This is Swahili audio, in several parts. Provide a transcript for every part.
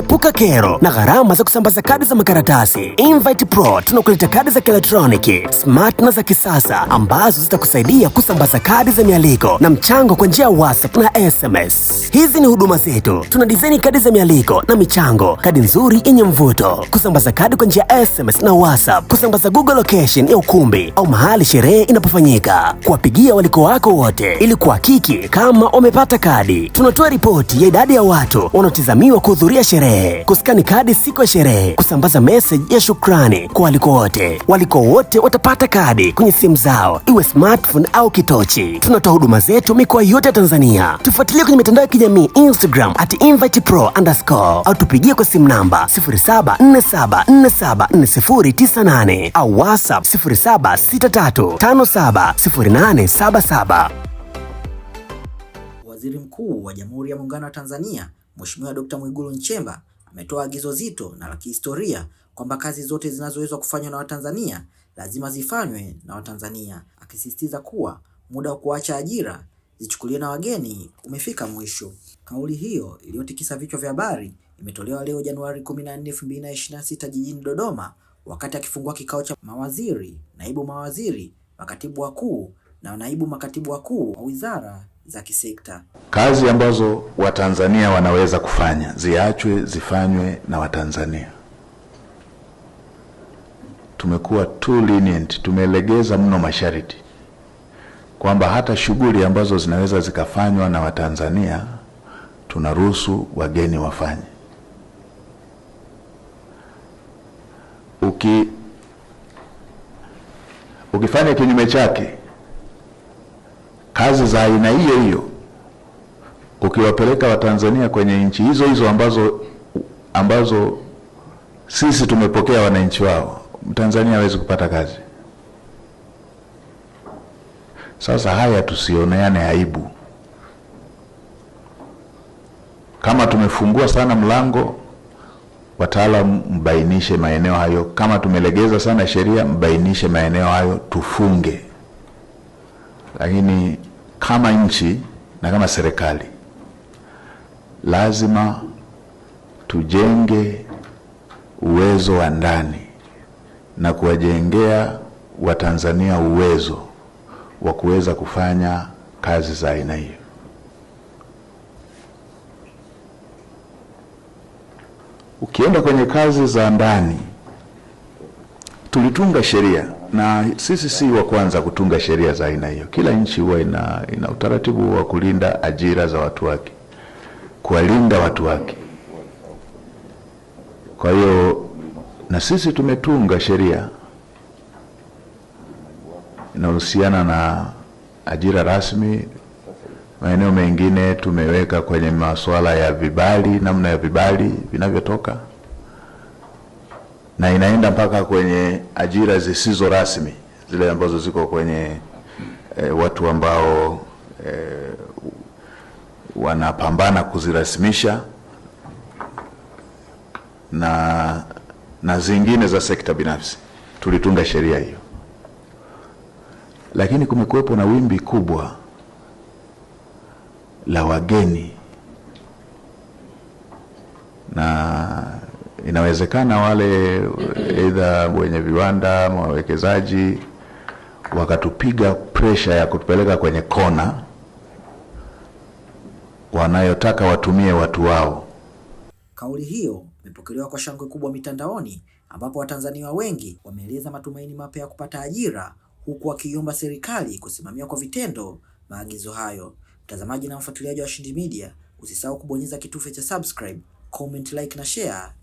Epuka kero na gharama za kusambaza kadi za makaratasi. Invite Pro tunakuleta kadi za kielektroniki smart na za kisasa ambazo zitakusaidia kusambaza kadi za mialiko na mchango kwa njia ya WhatsApp na SMS. Hizi ni huduma zetu. Tuna design kadi za mialiko na michango, kadi nzuri yenye mvuto, kusambaza kadi kwa njia ya SMS na WhatsApp, kusambaza Google location ya ukumbi au mahali sherehe inapofanyika, kuwapigia waliko wako wote ili kuhakiki kama wamepata kadi. Tunatoa ripoti ya idadi ya watu wanaotazamiwa kuhudhuria sherehe sherehe, kuskani kadi siku ya sherehe, kusambaza message ya shukrani kwa waliko wote. Waliko wote watapata kadi kwenye simu zao, iwe smartphone au kitochi. Tunatoa huduma zetu mikoa yote ya Tanzania. Tufuatilie kwenye mitandao ya kijamii Instagram at invite pro underscore, au tupigie kwa simu namba 0747474098 au WhatsApp 0763570877. Waziri Mkuu wa Jamhuri ya Muungano wa Tanzania Mheshimiwa Dr. Mwigulu Nchemba Ametoa agizo zito na la kihistoria kwamba kazi zote zinazoweza kufanywa na Watanzania lazima zifanywe na Watanzania, akisisitiza kuwa muda wa kuacha ajira zichukuliwe na wageni umefika mwisho. Kauli hiyo iliyotikisa vichwa vya habari imetolewa leo Januari 14, 2026 jijini Dodoma wakati akifungua kikao cha mawaziri, naibu mawaziri, makatibu wakuu na naibu makatibu wakuu wa wizara za kisekta. Kazi ambazo Watanzania wanaweza kufanya ziachwe zifanywe na Watanzania. Tumekuwa too lenient, tumelegeza mno masharti kwamba hata shughuli ambazo zinaweza zikafanywa na Watanzania tunaruhusu wageni wafanye. Uki, ukifanya kinyume chake kazi za aina hiyo hiyo ukiwapeleka Watanzania kwenye nchi hizo hizo ambazo ambazo sisi tumepokea wananchi wao, Mtanzania hawezi kupata kazi. Sasa haya tusioneane aibu. Kama tumefungua sana mlango, wataalamu mbainishe maeneo hayo. Kama tumelegeza sana sheria, mbainishe maeneo hayo, tufunge. Lakini kama nchi na kama serikali lazima tujenge uwezo wa ndani na kuwajengea Watanzania uwezo wa kuweza kufanya kazi za aina hiyo. Ukienda kwenye kazi za ndani tulitunga sheria na sisi si wa kwanza kutunga sheria za aina hiyo. Kila nchi huwa ina, ina utaratibu wa kulinda ajira za watu wake, kuwalinda watu wake. Kwa hiyo na sisi tumetunga sheria inahusiana na ajira rasmi. Maeneo mengine tumeweka kwenye masuala ya vibali, namna ya vibali vinavyotoka na inaenda mpaka kwenye ajira zisizo rasmi zile ambazo ziko kwenye e, watu ambao e, wanapambana kuzirasimisha na, na zingine za sekta binafsi. Tulitunga sheria hiyo, lakini kumekuwepo na wimbi kubwa la wageni Inawezekana wale aidha mm-hmm. wenye viwanda ama wawekezaji wakatupiga presha ya kutupeleka kwenye kona wanayotaka watumie watu wao. Kauli hiyo imepokelewa kwa shangwe kubwa mitandaoni ambapo Watanzania wengi wameeleza matumaini mapya ya kupata ajira huku wakiomba serikali kusimamia kwa vitendo maagizo hayo. Mtazamaji na mfuatiliaji wa Washindi Media, usisahau kubonyeza kitufe cha subscribe, comment, like na share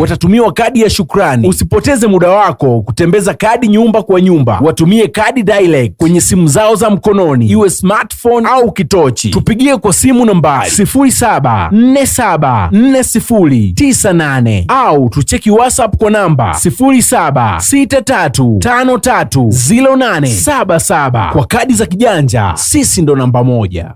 watatumiwa kadi ya shukrani. Usipoteze muda wako kutembeza kadi nyumba kwa nyumba, watumie kadi dialect kwenye simu zao za mkononi, iwe smartphone au kitochi. Tupigie kwa simu nambari 07474098 au tucheki WhatsApp kwa namba 0763530877. Kwa kadi za kijanja, sisi ndo namba moja.